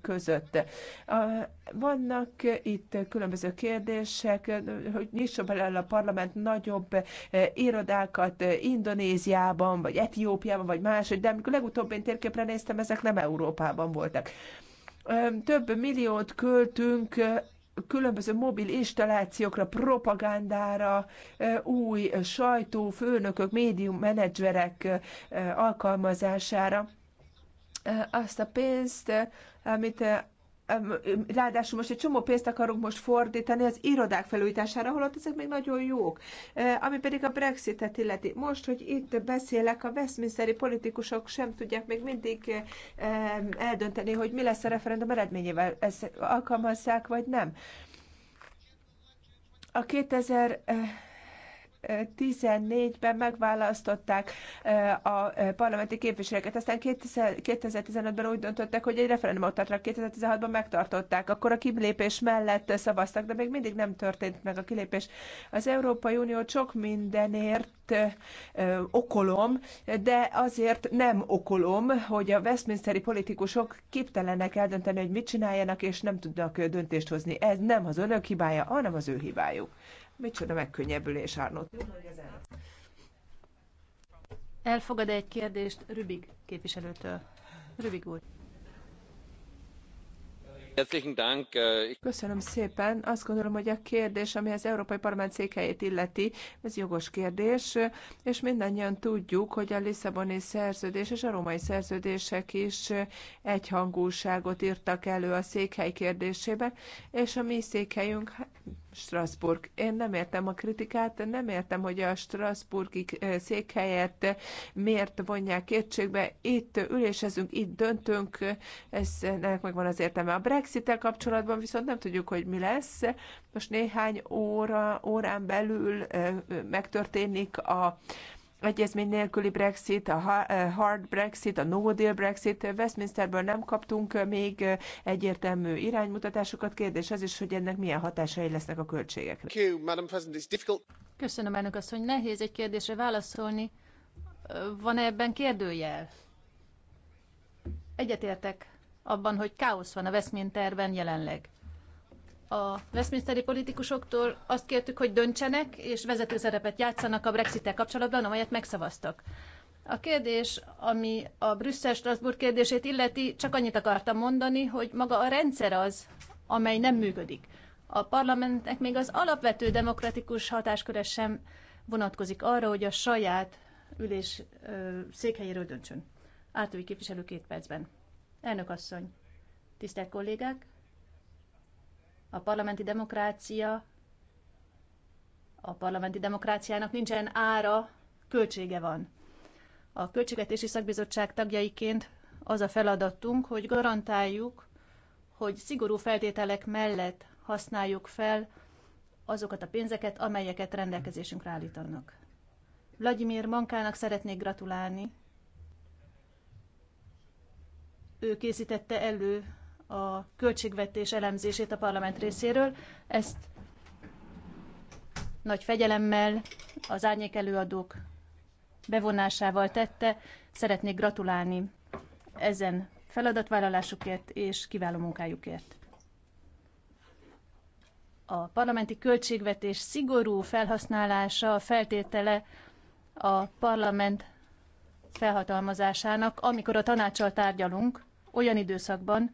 között. Vannak itt különböző kérdések, hogy nyissa bele a parlament nagyobb eh, irodákat eh, Indonéziában, vagy Etiópiában, vagy máshogy, de amikor legutóbb én térképre néztem, ezek nem Európában voltak. Több milliót költünk eh, különböző mobil installációkra, propagandára, új sajtó, főnökök, médium menedzserek alkalmazására azt a pénzt, amit ráadásul most egy csomó pénzt akarunk most fordítani az irodák felújítására, holott ezek még nagyon jók. Ami pedig a Brexitet illeti. Most, hogy itt beszélek, a Westminsteri politikusok sem tudják még mindig eldönteni, hogy mi lesz a referendum eredményével. Ezt alkalmazzák, vagy nem. A 2000 2014-ben megválasztották a parlamenti képviselőket, aztán 2015-ben úgy döntöttek, hogy egy referendumot tartanak, 2016-ban megtartották, akkor a kilépés mellett szavaztak, de még mindig nem történt meg a kilépés. Az Európai Unió sok mindenért okolom, de azért nem okolom, hogy a Westminsteri politikusok képtelenek eldönteni, hogy mit csináljanak, és nem tudnak döntést hozni. Ez nem az önök hibája, hanem az ő hibájuk. Micsoda megkönnyebbülés, Arnott. Elfogad egy kérdést Rübig képviselőtől? Rübig úr. Äh, Köszönöm szépen. Azt gondolom, hogy a kérdés, ami az Európai Parlament székhelyét illeti, ez jogos kérdés, és mindannyian tudjuk, hogy a Lisszaboni szerződés és a római szerződések is egyhangúságot írtak elő a székhely kérdésében, és a mi székhelyünk Strasbourg. Én nem értem a kritikát, nem értem, hogy a Strasbourgi eh, székhelyet miért vonják kétségbe. Itt ülésezünk, itt döntünk, ez, ennek megvan az értelme. A brexit kapcsolatban viszont nem tudjuk, hogy mi lesz. Most néhány óra, órán belül eh, megtörténik a egyezmény nélküli Brexit, a eh, hard Brexit, a no deal Brexit. Westminsterből nem kaptunk eh, még eh, egyértelmű iránymutatásokat. Kérdés az is, hogy ennek milyen hatásai lesznek a költségekre. Köszönöm, elnök azt, hogy nehéz egy kérdésre válaszolni. Van -e ebben kérdőjel? Egyetértek abban, hogy káosz van a Westminsterben jelenleg a Westminsteri politikusoktól azt kértük, hogy döntsenek és vezető szerepet játszanak a Brexit-tel kapcsolatban, amelyet megszavaztak. A kérdés, ami a Brüsszel-Strasbourg kérdését illeti, csak annyit akartam mondani, hogy maga a rendszer az, amely nem működik. A parlamentnek még az alapvető demokratikus hatásköre sem vonatkozik arra, hogy a saját ülés ö, székhelyéről döntsön. Átúj képviselő két percben. Elnök asszony, tisztelt kollégák! A parlamenti demokrácia, a parlamenti demokráciának nincsen ára, költsége van. A Költségvetési Szakbizottság tagjaiként az a feladatunk, hogy garantáljuk, hogy szigorú feltételek mellett használjuk fel azokat a pénzeket, amelyeket rendelkezésünkre állítanak. Vladimir Mankának szeretnék gratulálni. Ő készítette elő a költségvetés elemzését a parlament részéről. Ezt nagy fegyelemmel az árnyék előadók bevonásával tette. Szeretnék gratulálni ezen feladatvállalásukért és kiváló munkájukért. A parlamenti költségvetés szigorú felhasználása a feltétele a parlament felhatalmazásának, amikor a tanácssal tárgyalunk, olyan időszakban,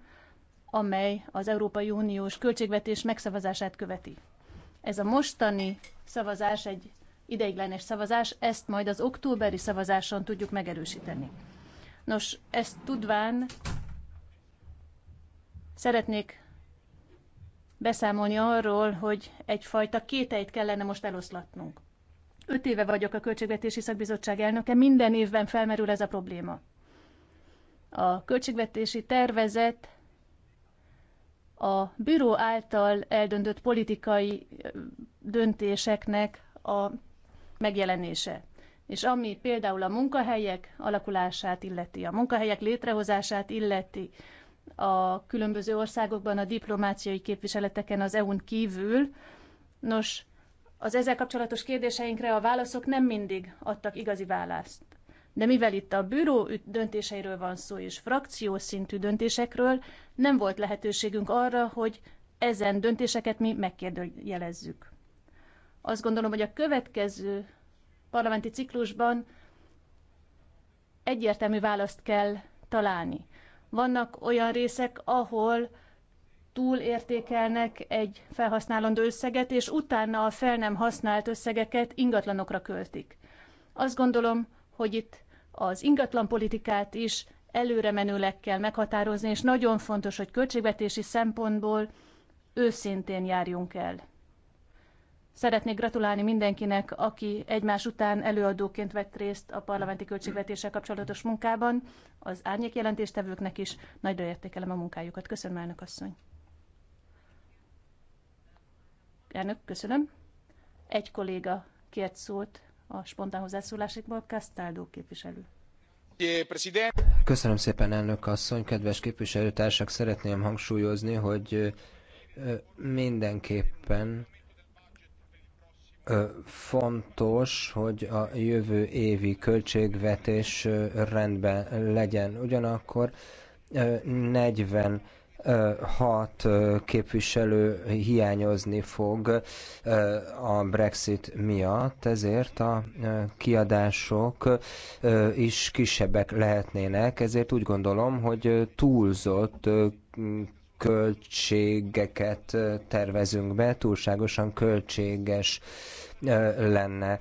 amely az Európai Uniós költségvetés megszavazását követi. Ez a mostani szavazás egy ideiglenes szavazás, ezt majd az októberi szavazáson tudjuk megerősíteni. Nos, ezt tudván szeretnék beszámolni arról, hogy egyfajta kételyt kellene most eloszlatnunk. Öt éve vagyok a Költségvetési Szakbizottság elnöke, minden évben felmerül ez a probléma. A költségvetési tervezet a bíró által eldöntött politikai döntéseknek a megjelenése. És ami például a munkahelyek alakulását illeti, a munkahelyek létrehozását illeti, a különböző országokban a diplomáciai képviseleteken az EU-n kívül. Nos, az ezzel kapcsolatos kérdéseinkre a válaszok nem mindig adtak igazi választ. De mivel itt a bűró döntéseiről van szó, és frakciós szintű döntésekről, nem volt lehetőségünk arra, hogy ezen döntéseket mi megkérdőjelezzük. Azt gondolom, hogy a következő parlamenti ciklusban egyértelmű választ kell találni. Vannak olyan részek, ahol túlértékelnek egy felhasználandó összeget, és utána a fel nem használt összegeket ingatlanokra költik. Azt gondolom, hogy itt az ingatlanpolitikát is előre menőleg kell meghatározni, és nagyon fontos, hogy költségvetési szempontból őszintén járjunk el. Szeretnék gratulálni mindenkinek, aki egymás után előadóként vett részt a parlamenti költségvetéssel kapcsolatos munkában, az árnyék jelentéstevőknek is. Nagyra értékelem a munkájukat. Köszönöm, elnök asszony. Elnök, köszönöm. Egy kolléga kért szót a spontán hozzászólásikból. Castaldo képviselő. Köszönöm szépen, elnök asszony, kedves képviselőtársak, szeretném hangsúlyozni, hogy mindenképpen fontos, hogy a jövő évi költségvetés rendben legyen. Ugyanakkor 40 hat képviselő hiányozni fog a Brexit miatt, ezért a kiadások is kisebbek lehetnének, ezért úgy gondolom, hogy túlzott költségeket tervezünk be, túlságosan költséges lenne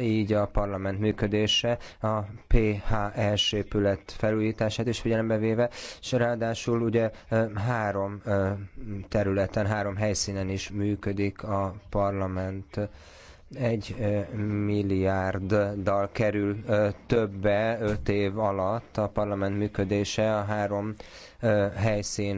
így a parlament működése, a PHS épület felújítását is figyelembe véve, és ráadásul ugye három területen, három helyszínen is működik a parlament egy milliárddal kerül többe öt év alatt a parlament működése a három helyszín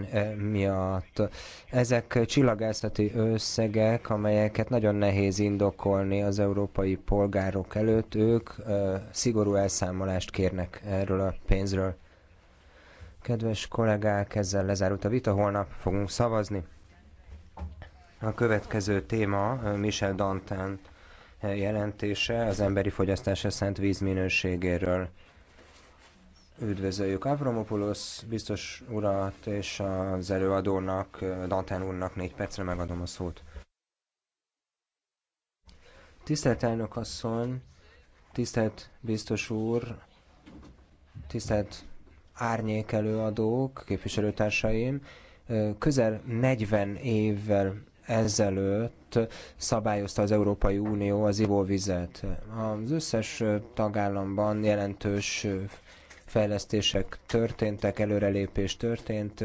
miatt. Ezek csillagászati összegek, amelyeket nagyon nehéz indokolni az európai polgárok előtt. Ők szigorú elszámolást kérnek erről a pénzről. Kedves kollégák, ezzel lezárult a vita, holnap fogunk szavazni. A következő téma Michel Dantent jelentése az emberi fogyasztásra szánt víz minőségéről. Üdvözöljük Avramopoulos biztos urat és az előadónak, Dantán úrnak négy percre megadom a szót. Tisztelt elnök asszony, tisztelt biztos úr, tisztelt árnyék előadók, képviselőtársaim, közel 40 évvel ezelőtt szabályozta az Európai Unió az ivóvizet. Az összes tagállamban jelentős fejlesztések történtek, előrelépés történt.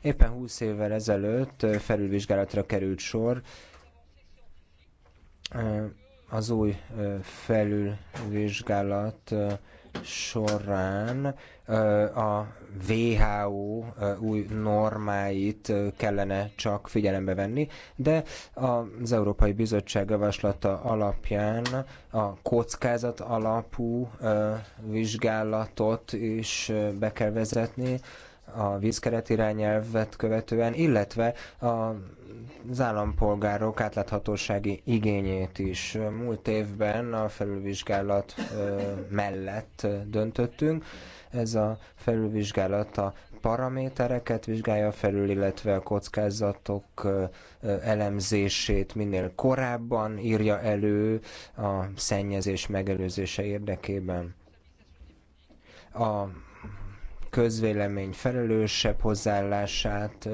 Éppen 20 évvel ezelőtt felülvizsgálatra került sor. Az új felülvizsgálat során a WHO új normáit kellene csak figyelembe venni, de az Európai Bizottság javaslata alapján a kockázat alapú vizsgálatot is be kell vezetni, a vízkeret irányelvet követően, illetve az állampolgárok átláthatósági igényét is. Múlt évben a felülvizsgálat mellett döntöttünk. Ez a felülvizsgálat a paramétereket vizsgálja felül, illetve a kockázatok elemzését minél korábban írja elő a szennyezés megelőzése érdekében. A közvélemény felelősebb hozzáállását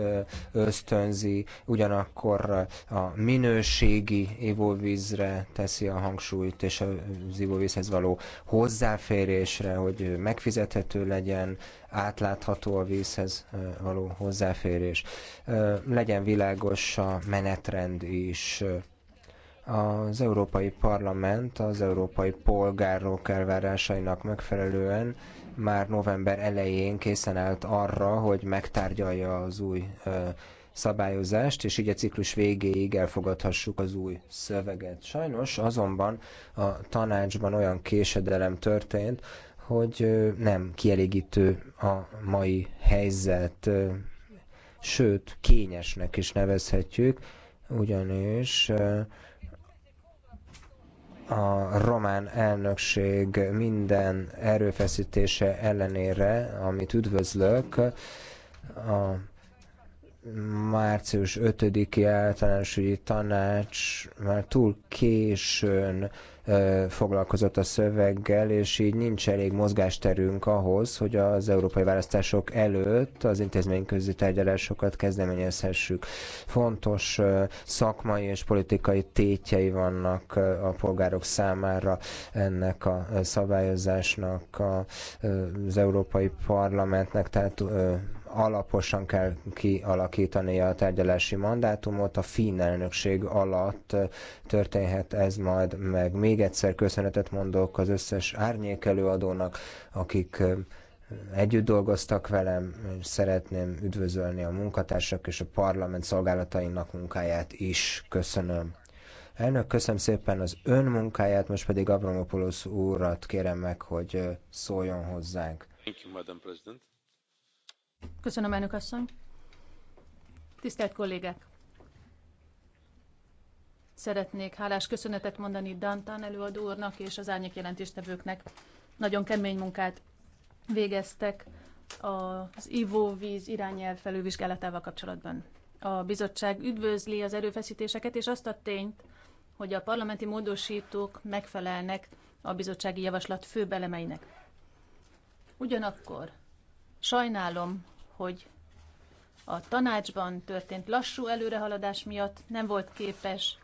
ösztönzi, ugyanakkor a minőségi ivóvízre teszi a hangsúlyt, és az ivóvízhez való hozzáférésre, hogy megfizethető legyen, átlátható a vízhez való hozzáférés. Legyen világos a menetrend is, az Európai Parlament az európai polgárok elvárásainak megfelelően már november elején készen állt arra, hogy megtárgyalja az új szabályozást, és így a ciklus végéig elfogadhassuk az új szöveget. Sajnos azonban a tanácsban olyan késedelem történt, hogy nem kielégítő a mai helyzet, sőt kényesnek is nevezhetjük, ugyanis a román elnökség minden erőfeszítése ellenére, amit üdvözlök, a március 5-i általános ügyi tanács már túl későn foglalkozott a szöveggel, és így nincs elég mozgásterünk ahhoz, hogy az európai választások előtt az intézményközi tárgyalásokat kezdeményezhessük. Fontos szakmai és politikai tétjei vannak a polgárok számára ennek a szabályozásnak, az Európai Parlamentnek, tehát alaposan kell kialakítani a tárgyalási mandátumot. A finn elnökség alatt történhet ez majd meg. Még egyszer köszönetet mondok az összes árnyékelőadónak, akik együtt dolgoztak velem, és szeretném üdvözölni a munkatársak és a parlament szolgálatainak munkáját is. Köszönöm. Elnök, köszönöm szépen az ön munkáját, most pedig Abramopoulos úrat kérem meg, hogy szóljon hozzánk. Thank you, Madam President. Köszönöm, elnök asszony. Tisztelt kollégák! Szeretnék hálás köszönetet mondani Dantan előadó úrnak és az árnyék jelentéstevőknek. Nagyon kemény munkát végeztek az ivóvíz irányelv felülvizsgálatával kapcsolatban. A bizottság üdvözli az erőfeszítéseket és azt a tényt, hogy a parlamenti módosítók megfelelnek a bizottsági javaslat főbelemeinek. Ugyanakkor sajnálom, hogy a tanácsban történt lassú előrehaladás miatt nem, volt képes,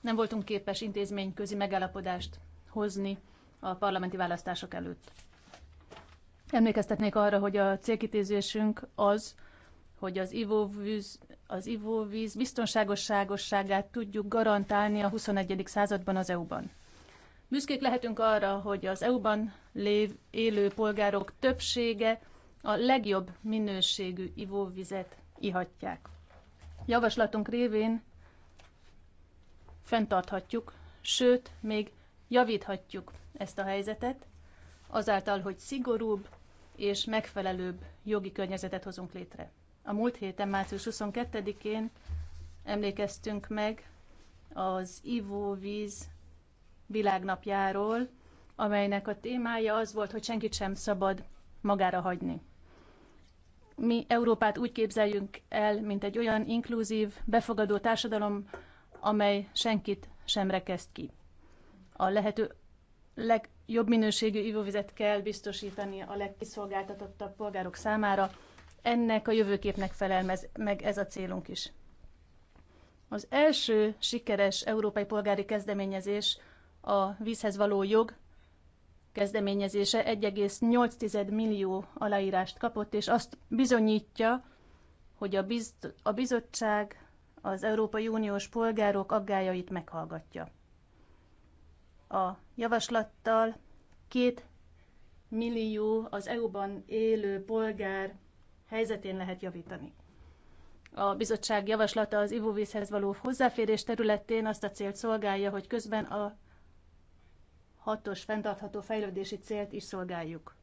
nem voltunk képes intézményközi megállapodást hozni a parlamenti választások előtt. Emlékeztetnék arra, hogy a célkitézésünk az, hogy az ivóvíz, az ivóvíz biztonságosságosságát tudjuk garantálni a 21. században az EU-ban. Büszkék lehetünk arra, hogy az EU-ban lév, élő polgárok többsége a legjobb minőségű ivóvizet ihatják. Javaslatunk révén fenntarthatjuk, sőt, még javíthatjuk ezt a helyzetet, azáltal, hogy szigorúbb és megfelelőbb jogi környezetet hozunk létre. A múlt héten, március 22-én emlékeztünk meg az ivóvíz világnapjáról, amelynek a témája az volt, hogy senkit sem szabad magára hagyni mi Európát úgy képzeljünk el, mint egy olyan inkluzív, befogadó társadalom, amely senkit sem rekeszt ki. A lehető legjobb minőségű ivóvizet kell biztosítani a legkiszolgáltatottabb polgárok számára. Ennek a jövőképnek felel meg ez a célunk is. Az első sikeres európai polgári kezdeményezés a vízhez való jog kezdeményezése 1,8 millió aláírást kapott, és azt bizonyítja, hogy a, bizt- a bizottság az Európai Uniós polgárok aggájait meghallgatja. A javaslattal két millió az EU-ban élő polgár helyzetén lehet javítani. A bizottság javaslata az ivóvízhez való hozzáférés területén azt a célt szolgálja, hogy közben a hatos fenntartható fejlődési célt is szolgáljuk.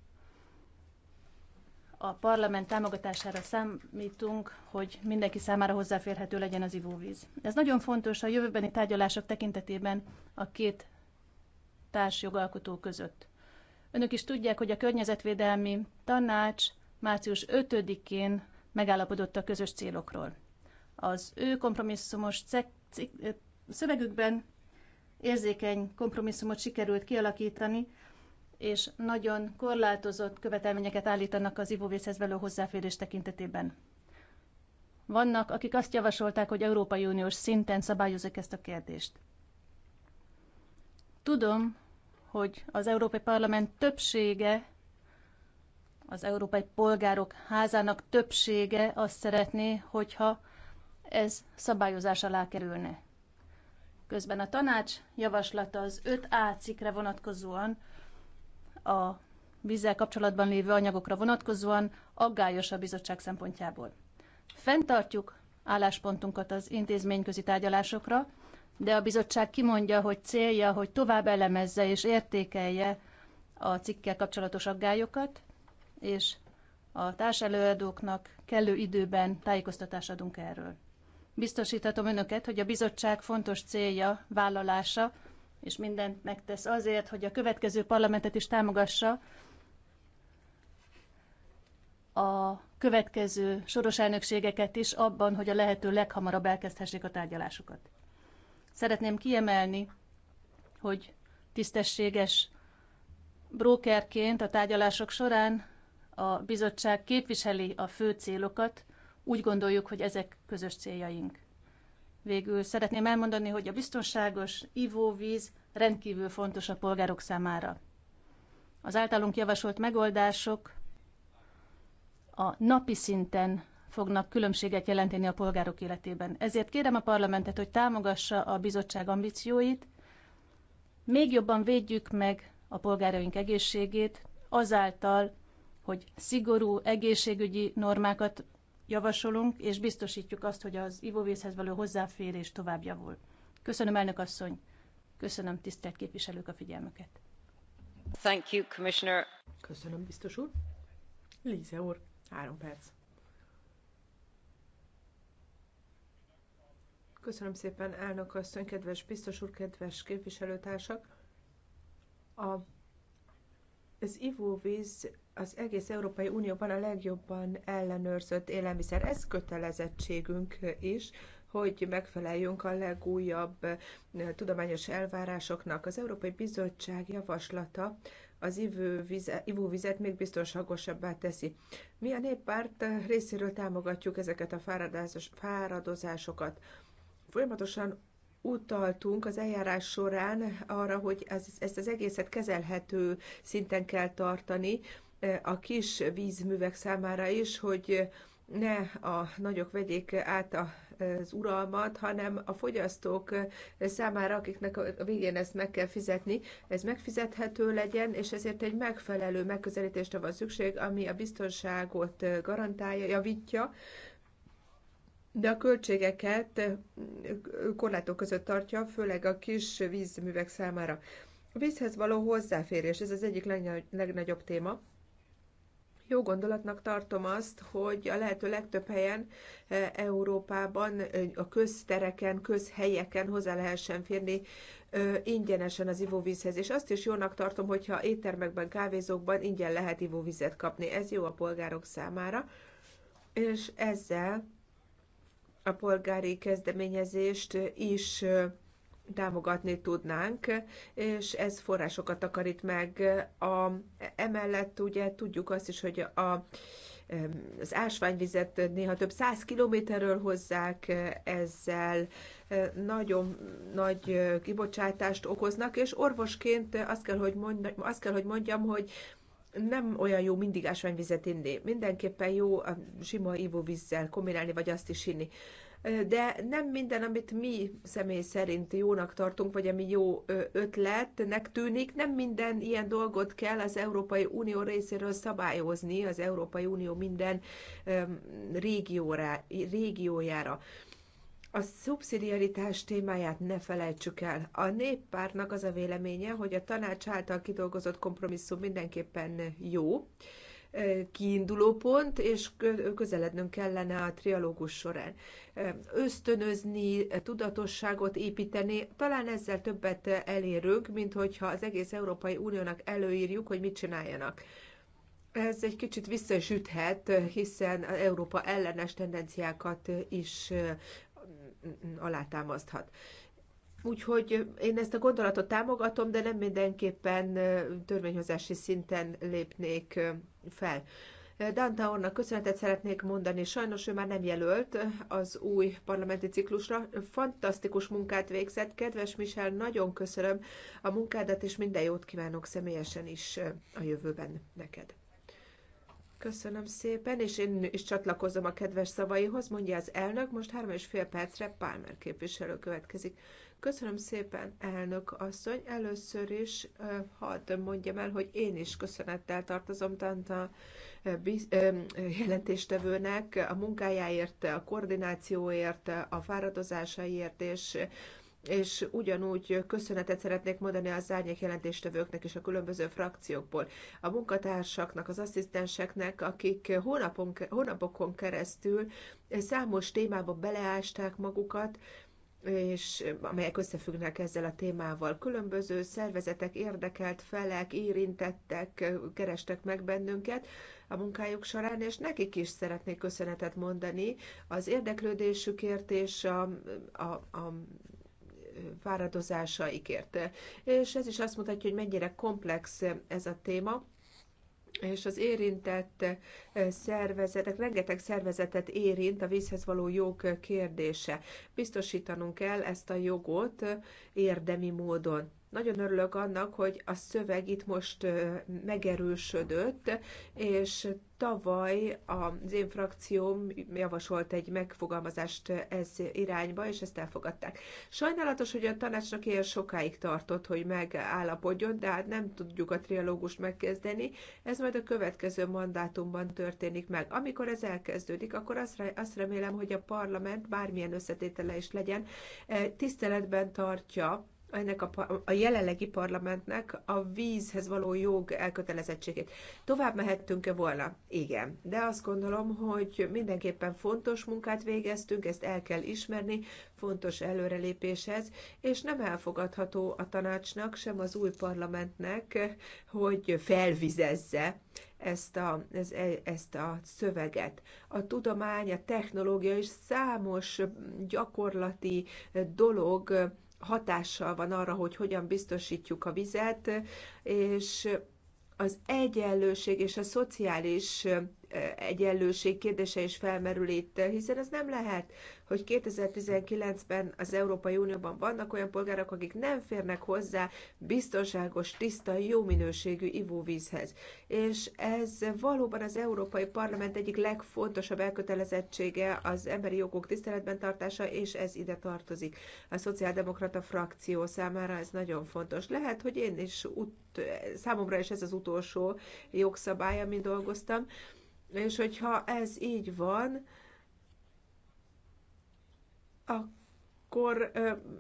A parlament támogatására számítunk, hogy mindenki számára hozzáférhető legyen az ivóvíz. Ez nagyon fontos a jövőbeni tárgyalások tekintetében a két társjogalkotó között. Önök is tudják, hogy a környezetvédelmi tanács március 5-én megállapodott a közös célokról. Az ő kompromisszumos szövegükben érzékeny kompromisszumot sikerült kialakítani, és nagyon korlátozott követelményeket állítanak az ivóvízhez való hozzáférés tekintetében. Vannak, akik azt javasolták, hogy Európai Uniós szinten szabályozik ezt a kérdést. Tudom, hogy az Európai Parlament többsége, az Európai Polgárok Házának többsége azt szeretné, hogyha ez szabályozás alá kerülne. Közben a tanács javaslata az 5A cikkre vonatkozóan, a vízzel kapcsolatban lévő anyagokra vonatkozóan aggályos a bizottság szempontjából. Fentartjuk álláspontunkat az intézményközi tárgyalásokra, de a bizottság kimondja, hogy célja, hogy tovább elemezze és értékelje a cikkkel kapcsolatos aggályokat, és a társelőadóknak kellő időben tájékoztatást adunk erről. Biztosítatom önöket, hogy a bizottság fontos célja, vállalása, és mindent megtesz azért, hogy a következő parlamentet is támogassa a következő soros elnökségeket is abban, hogy a lehető leghamarabb elkezdhessék a tárgyalásokat. Szeretném kiemelni, hogy tisztességes brókerként a tárgyalások során a bizottság képviseli a fő célokat, úgy gondoljuk, hogy ezek közös céljaink. Végül szeretném elmondani, hogy a biztonságos ivóvíz rendkívül fontos a polgárok számára. Az általunk javasolt megoldások a napi szinten fognak különbséget jelenteni a polgárok életében. Ezért kérem a parlamentet, hogy támogassa a bizottság ambícióit, még jobban védjük meg a polgáraink egészségét azáltal, hogy szigorú egészségügyi normákat javasolunk, és biztosítjuk azt, hogy az ivóvízhez való hozzáférés tovább javul. Köszönöm, elnök asszony! Köszönöm, tisztelt képviselők, a figyelmüket! Thank you, Commissioner. Köszönöm, biztos úr. Líze úr, három perc. Köszönöm szépen, elnök asszony, kedves biztos úr, kedves képviselőtársak! A az ivóvíz az egész Európai Unióban a legjobban ellenőrzött élelmiszer. Ez kötelezettségünk is, hogy megfeleljünk a legújabb eh, tudományos elvárásoknak. Az Európai Bizottság javaslata az ivóvizet, ivóvizet még biztonságosabbá teszi. Mi a néppárt részéről támogatjuk ezeket a fáradozásokat. Folyamatosan utaltunk az eljárás során arra, hogy ez, ezt az egészet kezelhető szinten kell tartani e, a kis vízművek számára is, hogy ne a nagyok vegyék át az uralmat, hanem a fogyasztók számára, akiknek a végén ezt meg kell fizetni, ez megfizethető legyen, és ezért egy megfelelő megközelítésre van szükség, ami a biztonságot garantálja, javítja, de a költségeket korlátok között tartja, főleg a kis vízművek számára. A vízhez való hozzáférés, ez az egyik legnagyobb téma. Jó gondolatnak tartom azt, hogy a lehető legtöbb helyen e, Európában, e, a köztereken, közhelyeken hozzá lehessen férni e, ingyenesen az ivóvízhez. És azt is jónak tartom, hogyha éttermekben, kávézókban ingyen lehet ivóvizet kapni. Ez jó a polgárok számára, és ezzel a polgári kezdeményezést is támogatni tudnánk, és ez forrásokat takarít meg. A, emellett ugye tudjuk azt is, hogy a, az ásványvizet néha több száz kilométerről hozzák, ezzel nagyon nagy kibocsátást okoznak, és orvosként azt kell, hogy mondjam, azt kell, hogy, mondjam, hogy nem olyan jó mindig ásványvizet inni. Mindenképpen jó a sima ivóvízzel kombinálni, vagy azt is inni. De nem minden, amit mi személy szerint jónak tartunk, vagy ami jó ötletnek tűnik, nem minden ilyen dolgot kell az Európai Unió részéről szabályozni az Európai Unió minden régióra, régiójára. A szubszidiaritás témáját ne felejtsük el. A néppárnak az a véleménye, hogy a tanács által kidolgozott kompromisszum mindenképpen jó kiinduló pont, és közelednünk kellene a trialógus során. Ösztönözni, tudatosságot építeni, talán ezzel többet elérünk, mint hogyha az egész Európai Uniónak előírjuk, hogy mit csináljanak. Ez egy kicsit visszasüthet, hiszen Európa ellenes tendenciákat is alátámaszthat. Úgyhogy én ezt a gondolatot támogatom, de nem mindenképpen törvényhozási szinten lépnék fel. Danta Ornak köszönetet szeretnék mondani. Sajnos ő már nem jelölt az új parlamenti ciklusra. Fantasztikus munkát végzett. Kedves Michel, nagyon köszönöm a munkádat, és minden jót kívánok személyesen is a jövőben neked. Köszönöm szépen, és én is csatlakozom a kedves szavaihoz, mondja az elnök. Most három és fél percre Palmer képviselő következik. Köszönöm szépen, elnök asszony. Először is hadd mondjam el, hogy én is köszönettel tartozom Tanta jelentéstevőnek a munkájáért, a koordinációért, a fáradozásaiért, és és ugyanúgy köszönetet szeretnék mondani az árnyék jelentéstevőknek és a különböző frakciókból, a munkatársaknak, az asszisztenseknek, akik hónapon, hónapokon keresztül számos témába beleásták magukat, és amelyek összefüggnek ezzel a témával. Különböző szervezetek, érdekelt felek, érintettek, kerestek meg bennünket a munkájuk során, és nekik is szeretnék köszönetet mondani az érdeklődésükért és a, a, a fáradozásaikért. És ez is azt mutatja, hogy mennyire komplex ez a téma, és az érintett eh, szervezetek, rengeteg szervezetet érint a vízhez való jog kérdése. Biztosítanunk kell ezt a jogot érdemi módon. Nagyon örülök annak, hogy a szöveg itt most megerősödött, és tavaly az én frakcióm javasolt egy megfogalmazást ez irányba, és ezt elfogadták. Sajnálatos, hogy a tanácsnak ilyen sokáig tartott, hogy megállapodjon, de hát nem tudjuk a trialógust megkezdeni. Ez majd a következő mandátumban történik meg. Amikor ez elkezdődik, akkor azt remélem, hogy a parlament bármilyen összetétele is legyen, eh, tiszteletben tartja ennek a, a jelenlegi parlamentnek a vízhez való jog elkötelezettségét. Tovább mehettünk-e volna? Igen. De azt gondolom, hogy mindenképpen fontos munkát végeztünk, ezt el kell ismerni, fontos előrelépéshez, és nem elfogadható a tanácsnak, sem az új parlamentnek, hogy felvizezze ezt a, ez, ezt a szöveget. A tudomány, a technológia és számos gyakorlati dolog hatással van arra, hogy hogyan biztosítjuk a vizet, és az egyenlőség és a szociális egyenlőség kérdése is felmerül itt, hiszen ez nem lehet, hogy 2019-ben az Európai Unióban vannak olyan polgárok, akik nem férnek hozzá biztonságos, tiszta, jó minőségű ivóvízhez. És ez valóban az Európai Parlament egyik legfontosabb elkötelezettsége az emberi jogok tiszteletben tartása, és ez ide tartozik. A szociáldemokrata frakció számára ez nagyon fontos. Lehet, hogy én is ut- számomra is ez az utolsó jogszabály, amin dolgoztam, és hogyha ez így van, akkor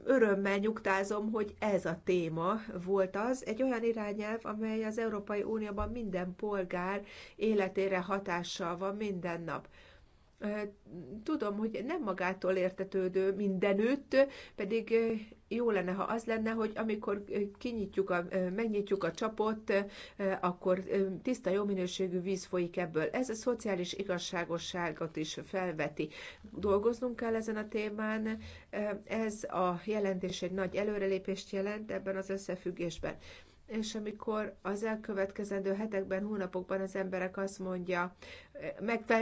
örömmel nyugtázom, hogy ez a téma volt az, egy olyan irányelv, amely az Európai Unióban minden polgár életére hatással van minden nap tudom, hogy nem magától értetődő mindenütt, pedig jó lenne, ha az lenne, hogy amikor kinyitjuk a, megnyitjuk a csapot, akkor tiszta, jó minőségű víz folyik ebből. Ez a szociális igazságosságot is felveti. Dolgoznunk kell ezen a témán. Ez a jelentés egy nagy előrelépést jelent ebben az összefüggésben és amikor az elkövetkezendő hetekben, hónapokban az emberek azt mondja,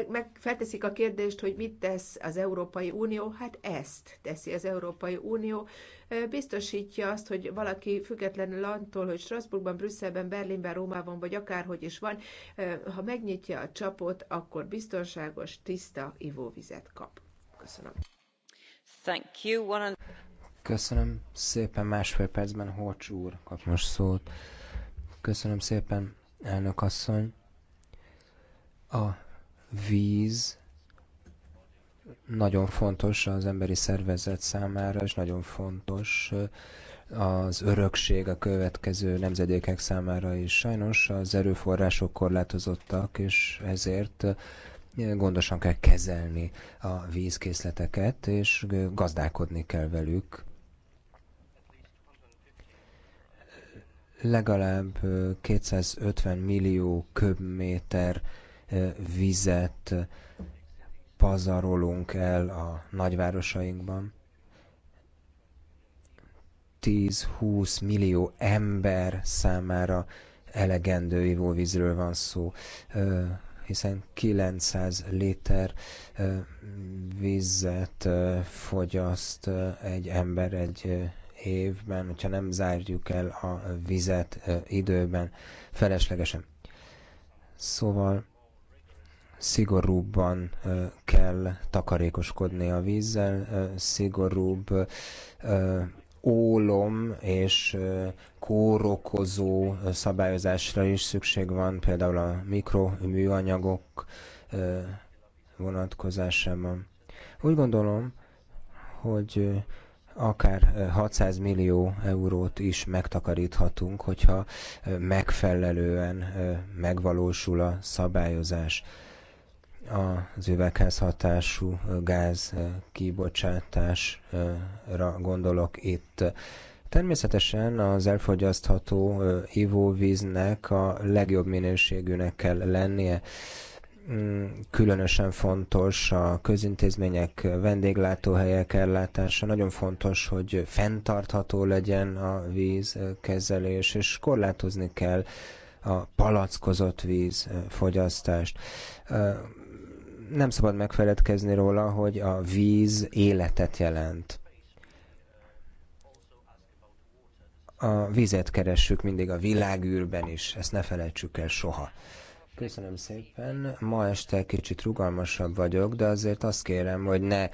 megfelteszik meg a kérdést, hogy mit tesz az Európai Unió, hát ezt teszi az Európai Unió. Biztosítja azt, hogy valaki függetlenül attól, hogy Strasbourgban, Brüsszelben, Berlinben, Rómában, vagy akárhogy is van, ha megnyitja a csapot, akkor biztonságos, tiszta ivóvizet kap. Köszönöm. Thank you. One Köszönöm szépen, másfél percben Hocs úr kap most szót. Köszönöm szépen, elnök asszony. A víz nagyon fontos az emberi szervezet számára, és nagyon fontos az örökség a következő nemzedékek számára is. Sajnos az erőforrások korlátozottak, és ezért gondosan kell kezelni a vízkészleteket, és gazdálkodni kell velük legalább 250 millió köbméter vizet pazarolunk el a nagyvárosainkban. 10-20 millió ember számára elegendő ivóvízről van szó, hiszen 900 liter vizet fogyaszt egy ember egy évben, hogyha nem zárjuk el a vizet időben feleslegesen. Szóval szigorúbban kell takarékoskodni a vízzel, szigorúbb ólom és kórokozó szabályozásra is szükség van, például a mikroműanyagok vonatkozásában. Úgy gondolom, hogy akár 600 millió eurót is megtakaríthatunk, hogyha megfelelően megvalósul a szabályozás az üvegházhatású gáz kibocsátásra gondolok itt. Természetesen az elfogyasztható ivóvíznek a legjobb minőségűnek kell lennie, Mm, különösen fontos a közintézmények, vendéglátóhelyek ellátása. Nagyon fontos, hogy fenntartható legyen a vízkezelés, és korlátozni kell a palackozott vízfogyasztást. Nem szabad megfeledkezni róla, hogy a víz életet jelent. A vizet keressük mindig a világűrben is, ezt ne felejtsük el soha. Köszönöm szépen. Ma este kicsit rugalmasabb vagyok, de azért azt kérem, hogy ne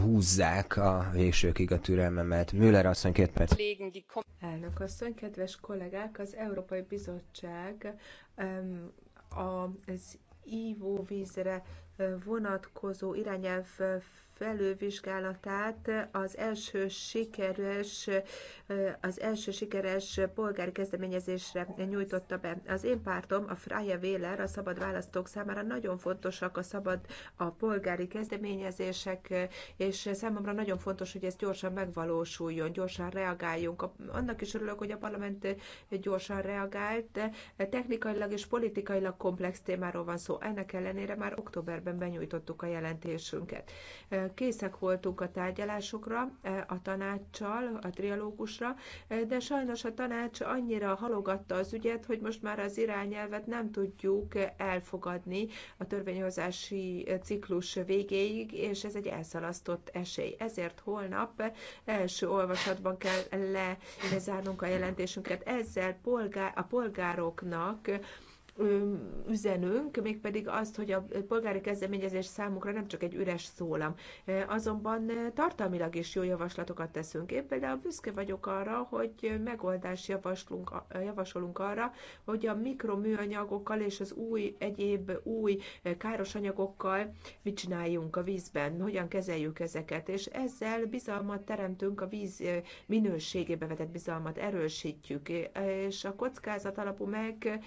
húzzák a végsőkig a türelmemet. Müller asszony, két perc. Elnök asszony, kedves kollégák, az Európai Bizottság az ivóvízre vonatkozó irányelv felülvizsgálatát az első sikeres, az első sikeres polgári kezdeményezésre nyújtotta be. Az én pártom, a Freie Wähler, a szabad választók számára nagyon fontosak a szabad a polgári kezdeményezések, és számomra nagyon fontos, hogy ez gyorsan megvalósuljon, gyorsan reagáljunk. Annak is örülök, hogy a parlament gyorsan reagált. Technikailag és politikailag komplex témáról van szó. Ennek ellenére már októberben benyújtottuk a jelentésünket készek voltunk a tárgyalásokra, e, a tanácssal, a trialógusra, e, de sajnos a tanács annyira halogatta az ügyet, hogy most már az irányelvet nem tudjuk elfogadni a törvényhozási ciklus végéig, és ez egy elszalasztott esély. Ezért holnap első olvasatban kell lezárnunk a jelentésünket. Ezzel polgár, a polgároknak üzenünk, mégpedig azt, hogy a polgári kezdeményezés számukra nem csak egy üres szólam, azonban tartalmilag is jó javaslatokat teszünk. Én például büszke vagyok arra, hogy megoldást javaslunk, javasolunk arra, hogy a mikroműanyagokkal és az új egyéb új káros anyagokkal mit csináljunk a vízben, hogyan kezeljük ezeket, és ezzel bizalmat teremtünk, a víz minőségébe vetett bizalmat erősítjük, és a kockázat alapú meg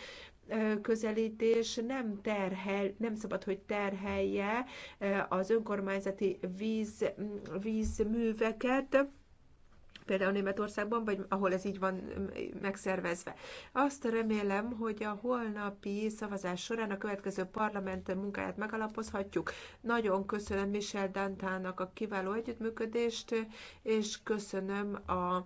közelítés nem terhel, nem szabad, hogy terhelje az önkormányzati víz, vízműveket, például Németországban, vagy ahol ez így van megszervezve. Azt remélem, hogy a holnapi szavazás során a következő parlament munkáját megalapozhatjuk. Nagyon köszönöm Michel Dantának a kiváló együttműködést, és köszönöm a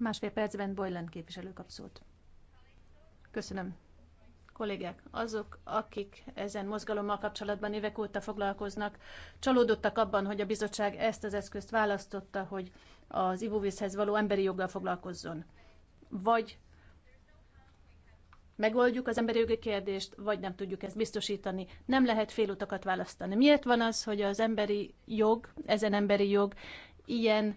Másfél percben Boylan képviselő kap szót. Köszönöm. Kollégák, azok, akik ezen mozgalommal kapcsolatban évek óta foglalkoznak, csalódottak abban, hogy a bizottság ezt az eszközt választotta, hogy az ivóvízhez való emberi joggal foglalkozzon. Vagy megoldjuk az emberi jogi kérdést, vagy nem tudjuk ezt biztosítani. Nem lehet félutakat választani. Miért van az, hogy az emberi jog, ezen emberi jog ilyen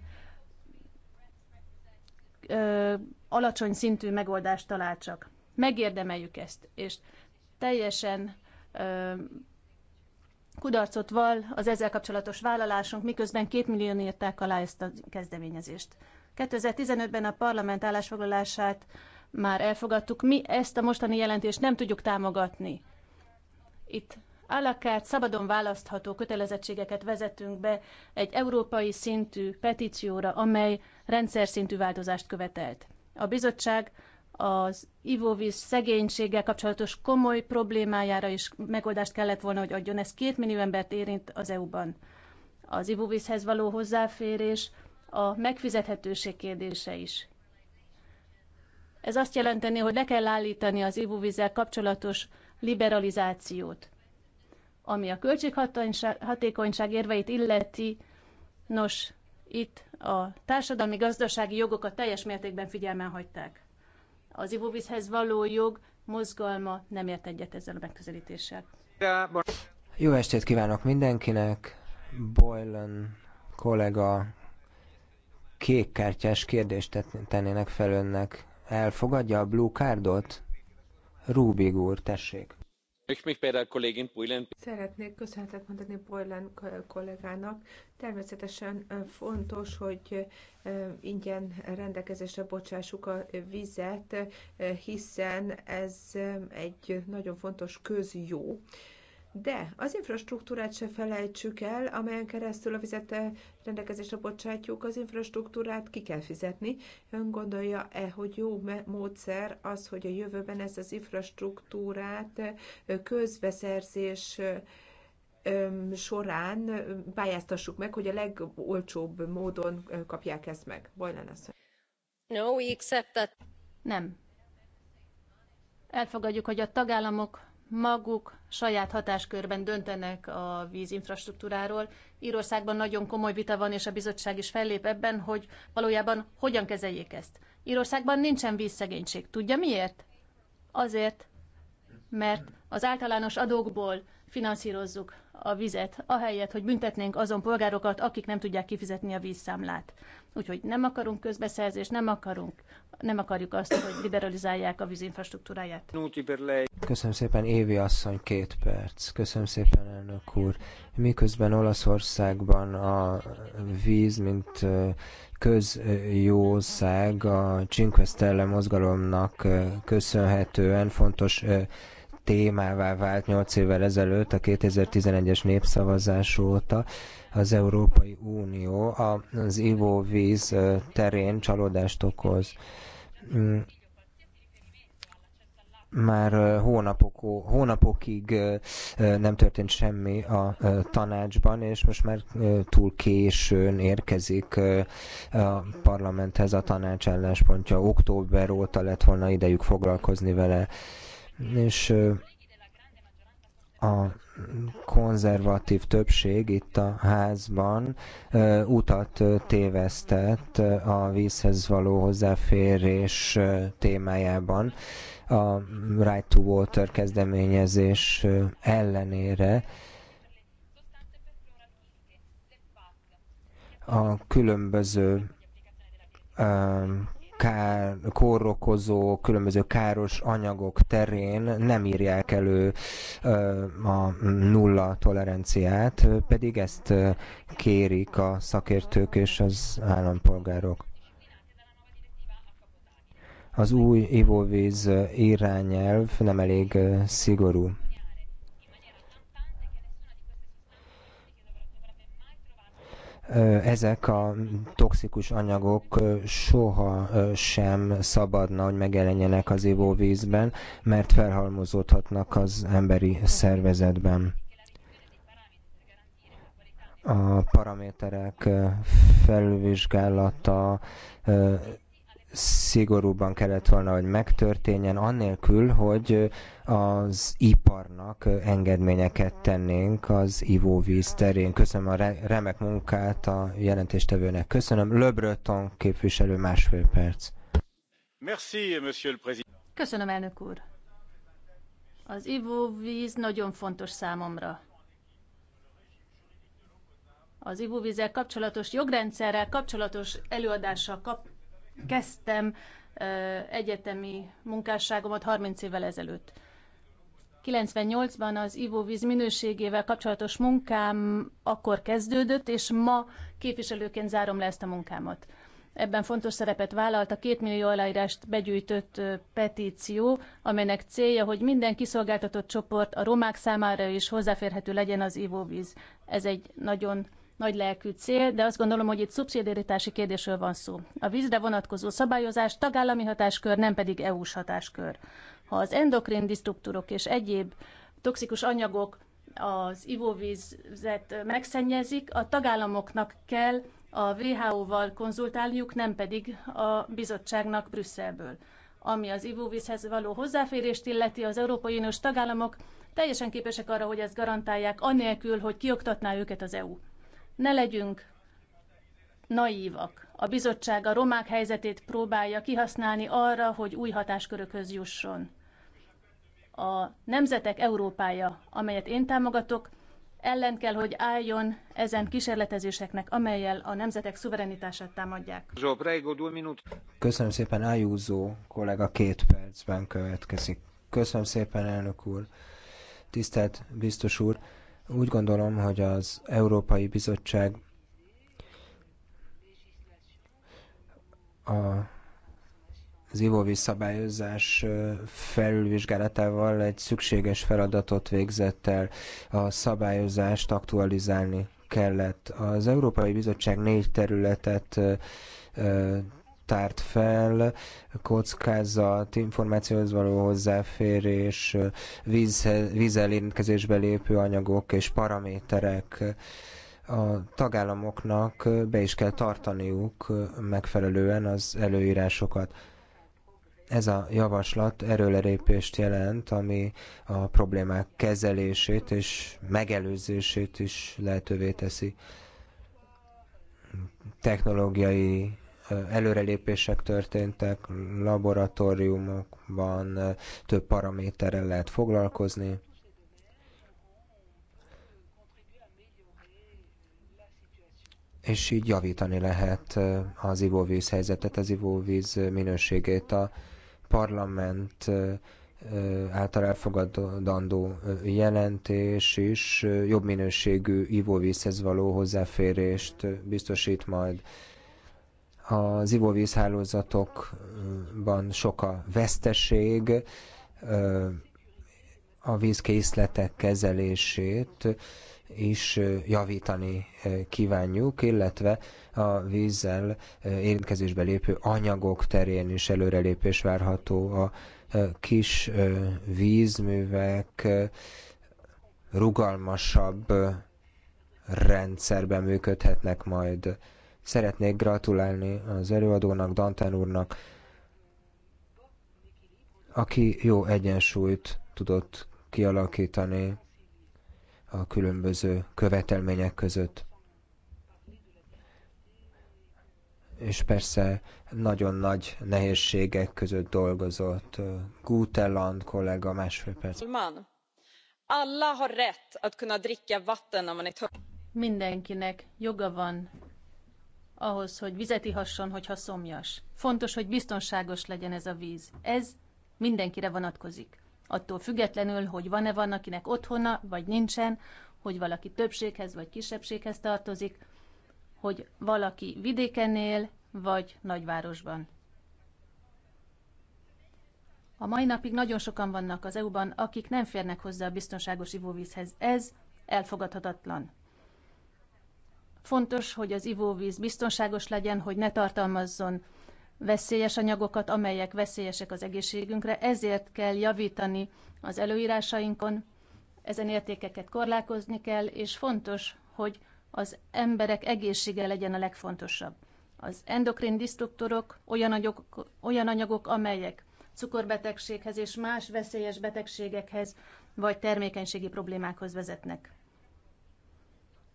ö, alacsony szintű megoldást talál csak. Megérdemeljük ezt, és teljesen ö, kudarcot val az ezzel kapcsolatos vállalásunk, miközben két millió írták alá ezt a kezdeményezést. 2015-ben a parlament állásfoglalását már elfogadtuk, mi ezt a mostani jelentést nem tudjuk támogatni. Itt állakát, szabadon választható kötelezettségeket vezetünk be egy európai szintű petícióra, amely rendszer szintű változást követelt. A bizottság az ivóvíz szegénységgel kapcsolatos komoly problémájára is megoldást kellett volna, hogy adjon. Ez két millió embert érint az EU-ban. Az ivóvízhez való hozzáférés, a megfizethetőség kérdése is. Ez azt jelenteni, hogy le kell állítani az ivóvízzel kapcsolatos liberalizációt. Ami a költséghatékonyság érveit illeti, nos, itt a társadalmi-gazdasági jogokat teljes mértékben figyelmen hagyták. Az ivóvízhez való jog mozgalma nem ért egyet ezzel a megközelítéssel. Jó estét kívánok mindenkinek! Boylan kollega kékkártyás kérdést tennének fel önnek. Elfogadja a blue cardot? Rubig úr, tessék. Szeretnék köszönetet mondani Boylan kollégának. Természetesen fontos, hogy ingyen rendelkezésre bocsássuk a vizet, hiszen ez egy nagyon fontos közjó de az infrastruktúrát se felejtsük el, amelyen keresztül a vizet eh, rendelkezésre bocsátjuk, az infrastruktúrát ki kell fizetni. Ön gondolja-e, hogy jó módszer az, hogy a jövőben ezt az infrastruktúrát eh, közbeszerzés eh, során pályáztassuk meg, hogy a legolcsóbb módon kapják ezt meg? Bojlan asszony. No, we accept that. Nem. Elfogadjuk, hogy a tagállamok maguk saját hatáskörben döntenek a vízinfrastruktúráról. Írországban nagyon komoly vita van, és a bizottság is fellép ebben, hogy valójában hogyan kezeljék ezt. Írországban nincsen vízszegénység. Tudja miért? Azért, mert az általános adókból finanszírozzuk a vizet, ahelyett, hogy büntetnénk azon polgárokat, akik nem tudják kifizetni a vízszámlát. Úgyhogy nem akarunk közbeszerzést, nem akarunk nem akarjuk azt, hogy liberalizálják a vízinfrastruktúráját. Köszönöm szépen, Évi asszony, két perc. Köszönöm szépen, elnök úr. Miközben Olaszországban a víz, mint közjószág a Cinque Stelle mozgalomnak köszönhetően fontos témává vált 8 évvel ezelőtt a 2011-es népszavazás óta az Európai Unió az ivóvíz terén csalódást okoz mm. már hónapok, hónapokig nem történt semmi a tanácsban, és most már túl későn érkezik a parlamenthez a tanács álláspontja. Október óta lett volna idejük foglalkozni vele, és a konzervatív többség itt a házban utat tévesztett a vízhez való hozzáférés témájában a Right to Water kezdeményezés ellenére. A különböző kár, kórokozó, különböző káros anyagok terén nem írják elő a nulla toleranciát, pedig ezt kérik a szakértők és az állampolgárok az új ivóvíz irányelv nem elég szigorú. ezek a toxikus anyagok soha sem szabadna, hogy megjelenjenek az ivóvízben, mert felhalmozódhatnak az emberi szervezetben. A paraméterek felvizsgálata szigorúban kellett volna, hogy megtörténjen, annélkül, hogy az iparnak engedményeket tennénk az ivóvíz terén. Köszönöm a remek munkát a jelentéstevőnek. Köszönöm. Löbröton képviselő másfél perc. Merci, monsieur le président. Köszönöm, elnök úr. Az ivóvíz nagyon fontos számomra. Az ivóvízzel kapcsolatos jogrendszerrel kapcsolatos előadással kap- kezdtem egyetemi munkásságomat 30 évvel ezelőtt. 98-ban az ivóvíz minőségével kapcsolatos munkám akkor kezdődött, és ma képviselőként zárom le ezt a munkámat. Ebben fontos szerepet vállalt a két millió aláírást begyűjtött petíció, amelynek célja, hogy minden kiszolgáltatott csoport a romák számára is hozzáférhető legyen az ivóvíz. Ez egy nagyon nagy lelkű cél, de azt gondolom, hogy itt szubszidiaritási kérdésről van szó. A vízre vonatkozó szabályozás tagállami hatáskör, nem pedig EU-s hatáskör. Ha az endokrin disztruktúrok és egyéb toxikus anyagok az ivóvízet megszennyezik, a tagállamoknak kell a WHO-val konzultálniuk, nem pedig a bizottságnak Brüsszelből. Ami az ivóvízhez való hozzáférést illeti, az Európai Uniós tagállamok teljesen képesek arra, hogy ezt garantálják, anélkül, hogy kioktatná őket az EU. Ne legyünk naívak. A bizottság a romák helyzetét próbálja kihasználni arra, hogy új hatáskörökhöz jusson. A Nemzetek Európája, amelyet én támogatok, ellen kell, hogy álljon ezen kísérletezéseknek, amelyel a nemzetek szuverenitását támadják. Köszönöm szépen, Ájúzó kollega két percben következik. Köszönöm szépen, elnök úr. Tisztelt biztos úr, úgy gondolom, hogy az Európai Bizottság a az ivóvíz szabályozás felülvizsgálatával egy szükséges feladatot végzett el, a szabályozást aktualizálni kellett. Az Európai Bizottság négy területet tárt fel, kockázat, információhoz való hozzáférés, víz, vízzel lépő anyagok és paraméterek a tagállamoknak be is kell tartaniuk megfelelően az előírásokat. Ez a javaslat erőlerépést jelent, ami a problémák kezelését és megelőzését is lehetővé teszi. Technológiai előrelépések történtek, laboratóriumokban több paraméterrel lehet foglalkozni, és így javítani lehet az ivóvíz helyzetet, az ivóvíz minőségét. A parlament által elfogadandó jelentés is jobb minőségű ivóvízhez való hozzáférést biztosít majd. Az ivóvízhálózatokban sok a veszteség, a vízkészletek kezelését is javítani kívánjuk, illetve a vízzel érintkezésbe lépő anyagok terén is előrelépés várható a kis vízművek rugalmasabb rendszerben működhetnek majd. Szeretnék gratulálni az előadónak, Dantán úrnak, aki jó egyensúlyt tudott kialakítani a különböző követelmények között. És persze nagyon nagy nehézségek között dolgozott uh, Guteland kollega másfél perc. Mindenkinek joga van ahhoz, hogy vizet ihasson, hogyha szomjas. Fontos, hogy biztonságos legyen ez a víz. Ez mindenkire vonatkozik attól függetlenül, hogy van-e van, akinek otthona, vagy nincsen, hogy valaki többséghez vagy kisebbséghez tartozik, hogy valaki vidéken él, vagy nagyvárosban. A mai napig nagyon sokan vannak az EU-ban, akik nem férnek hozzá a biztonságos ivóvízhez. Ez elfogadhatatlan. Fontos, hogy az ivóvíz biztonságos legyen, hogy ne tartalmazzon veszélyes anyagokat, amelyek veszélyesek az egészségünkre, ezért kell javítani az előírásainkon, ezen értékeket korlátozni kell, és fontos, hogy az emberek egészsége legyen a legfontosabb. Az endokrin disztruktorok olyan anyagok, olyan anyagok, amelyek cukorbetegséghez és más veszélyes betegségekhez vagy termékenységi problémákhoz vezetnek.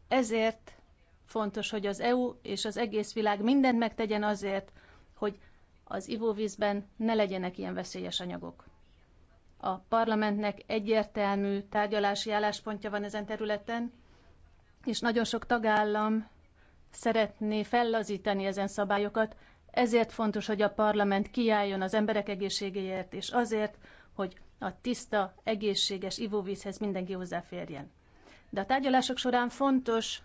Ezért fontos, hogy az EU és az egész világ mindent megtegyen azért, hogy az ivóvízben ne legyenek ilyen veszélyes anyagok. A parlamentnek egyértelmű tárgyalási álláspontja van ezen területen, és nagyon sok tagállam szeretné fellazítani ezen szabályokat, ezért fontos, hogy a parlament kiálljon az emberek egészségéért, és azért, hogy a tiszta, egészséges ivóvízhez mindenki hozzáférjen. De a tárgyalások során fontos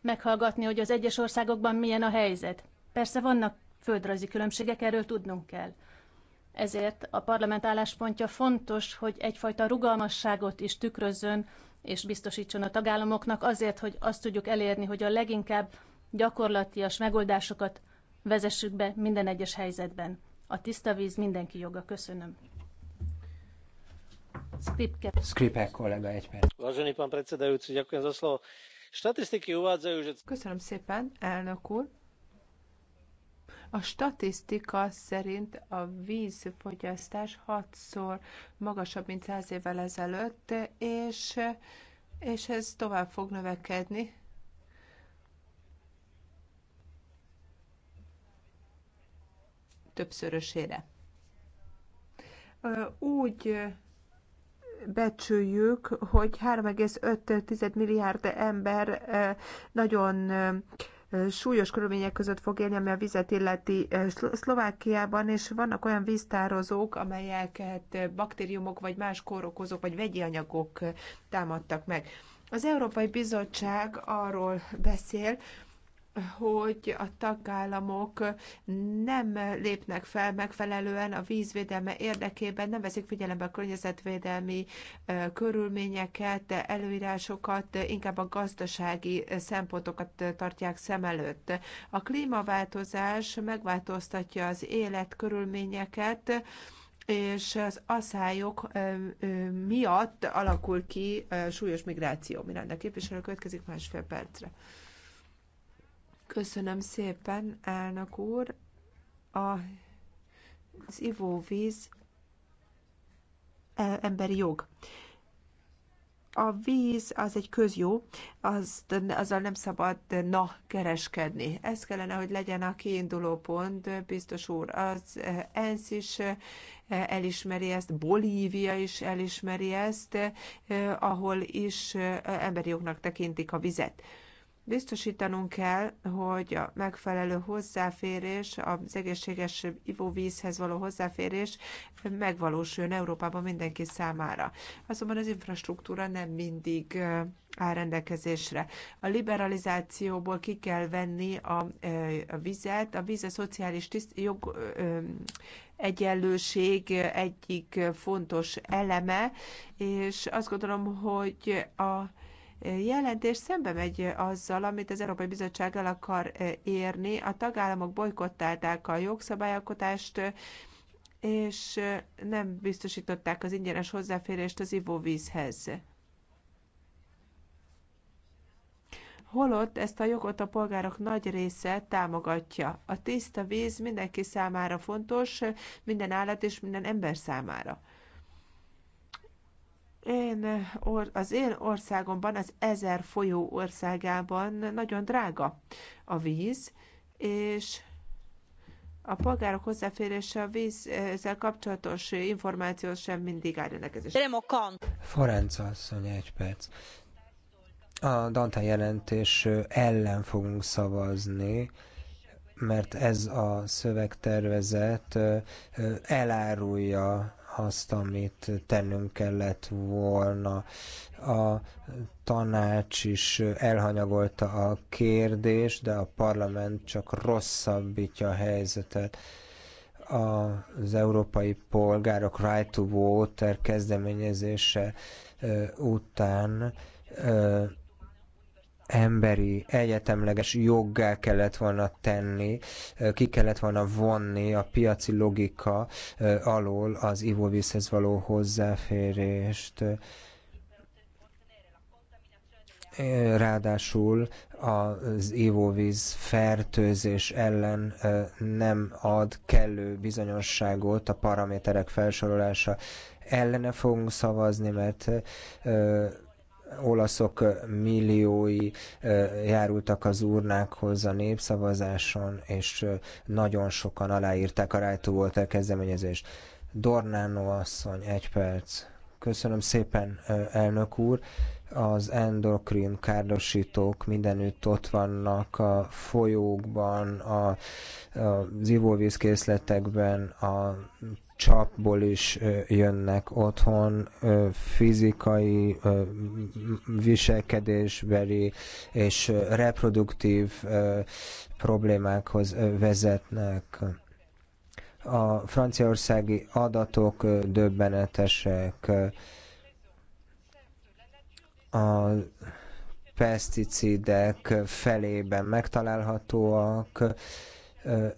meghallgatni, hogy az egyes országokban milyen a helyzet. Persze vannak földrajzi különbségek, erről tudnunk kell. Ezért a parlament álláspontja fontos, hogy egyfajta rugalmasságot is tükrözzön és biztosítson a tagállamoknak azért, hogy azt tudjuk elérni, hogy a leginkább gyakorlatias megoldásokat vezessük be minden egyes helyzetben. A tiszta víz mindenki joga. Köszönöm. Skripke. Skripek kollega egy perc. Vážený pán predsedajúci, ďakujem za slovo. Statisztiky uvádzajú, že... Köszönöm szépen, elnök úr. A statisztika szerint a vízfogyasztás hatszor magasabb, mint száz évvel ezelőtt, és, és ez tovább fog növekedni. Többszörösére. Úgy becsüljük, hogy 3,5 milliárd ember nagyon súlyos körülmények között fog élni, ami a vizet illeti Szlovákiában, és vannak olyan víztározók, amelyeket baktériumok vagy más kórokozók vagy vegyi anyagok támadtak meg. Az Európai Bizottság arról beszél, hogy a tagállamok nem lépnek fel megfelelően a vízvédelme érdekében, nem veszik figyelembe a környezetvédelmi körülményeket, előírásokat, inkább a gazdasági szempontokat tartják szem előtt. A klímaváltozás megváltoztatja az életkörülményeket, és az aszályok miatt alakul ki súlyos migráció. Miranda képviselő következik másfél percre. Köszönöm szépen, elnök úr. A, az ivóvíz e, emberi jog. A víz az egy közjó, azt, azzal nem szabad na kereskedni. Ez kellene, hogy legyen a kiinduló pont, biztos úr. Az ENSZ is e, elismeri ezt, Bolívia is elismeri ezt, e, ahol is emberi jognak tekintik a vizet. Biztosítanunk kell, hogy a megfelelő hozzáférés, az egészséges ivóvízhez való hozzáférés megvalósuljon Európában mindenki számára. Azonban az infrastruktúra nem mindig áll rendelkezésre. A liberalizációból ki kell venni a, a vizet, a víz a szociális tiszt, jog, egyenlőség egyik fontos eleme, és azt gondolom, hogy a jelentés szembe megy azzal, amit az Európai Bizottság el akar eh, érni. A tagállamok bolykottálták a jogszabályalkotást, és eh, nem biztosították az ingyenes hozzáférést az ivóvízhez. holott ezt a jogot a polgárok nagy része támogatja. A tiszta víz mindenki számára fontos, minden állat és minden ember számára. Én, or, az én országomban, az ezer folyó országában nagyon drága a víz, és a polgárok hozzáférése a vízzel kapcsolatos információ sem mindig áll rendelkezésre. Ferenc asszony, egy perc. A Dante jelentés ellen fogunk szavazni, mert ez a szövegtervezet elárulja azt, amit tennünk kellett volna. A tanács is elhanyagolta a kérdést, de a parlament csak rosszabbítja a helyzetet. Az európai polgárok Right to Water kezdeményezése után emberi, egyetemleges joggá kellett volna tenni, ki kellett volna vonni a piaci logika alól az ivóvízhez való hozzáférést. Ráadásul az ivóvíz fertőzés ellen nem ad kellő bizonyosságot a paraméterek felsorolása. Ellene fogunk szavazni, mert olaszok milliói járultak az urnákhoz a népszavazáson, és nagyon sokan aláírták a Right to Water kezdeményezést. Dornánó asszony, egy perc. Köszönöm szépen, elnök úr. Az endokrin károsítók mindenütt ott vannak a folyókban, a, a, zivóvízkészletekben, a csapból is jönnek otthon, fizikai, viselkedésbeli és reproduktív problémákhoz vezetnek. A franciaországi adatok döbbenetesek. A peszticidek felében megtalálhatóak,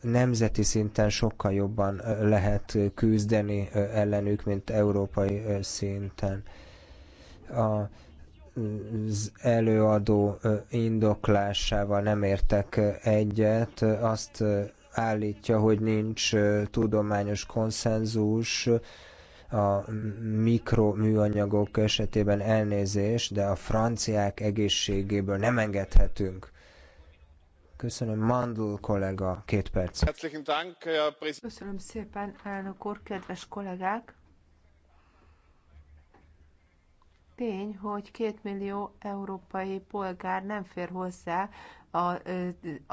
nemzeti szinten sokkal jobban lehet küzdeni ellenük, mint európai szinten. A, az előadó indoklásával nem értek egyet. Azt állítja, hogy nincs tudományos konszenzus a mikroműanyagok esetében elnézés, de a franciák egészségéből nem engedhetünk. Köszönöm, Mandl kollega, két perc. Köszönöm szépen, elnök úr, kedves kollégák! Tény, hogy két millió európai polgár nem fér hozzá a,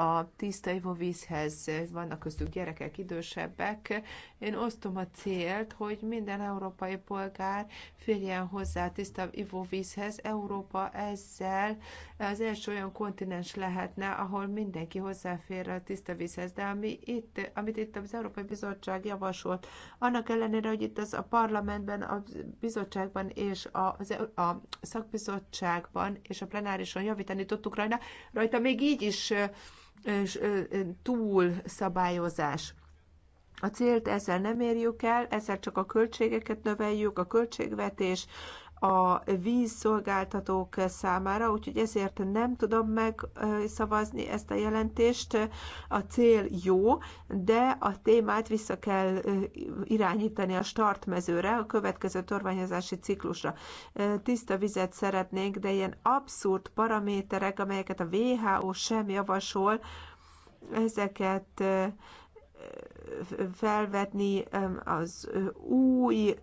a tiszta ivóvízhez, vannak köztük gyerekek, idősebbek. Én osztom a célt, hogy minden európai polgár férjen hozzá a tiszta ivóvízhez. Európa ezzel az első olyan kontinens lehetne, ahol mindenki hozzáfér a tiszta vízhez. De ami itt, amit itt az Európai Bizottság javasolt, annak ellenére, hogy itt az a parlamentben, a bizottságban és a, e, a szakbizottságban és a plenárison javítani tudtuk rajta, rajta még így is túl szabályozás. A célt ezzel nem érjük el, ezzel csak a költségeket növeljük, a költségvetés, a vízszolgáltatók számára, úgyhogy ezért nem tudom megszavazni ezt a jelentést. A cél jó, de a témát vissza kell irányítani a startmezőre, a következő torványozási ciklusra. Tiszta vizet szeretnénk, de ilyen abszurd paraméterek, amelyeket a WHO sem javasol, ezeket felvetni az új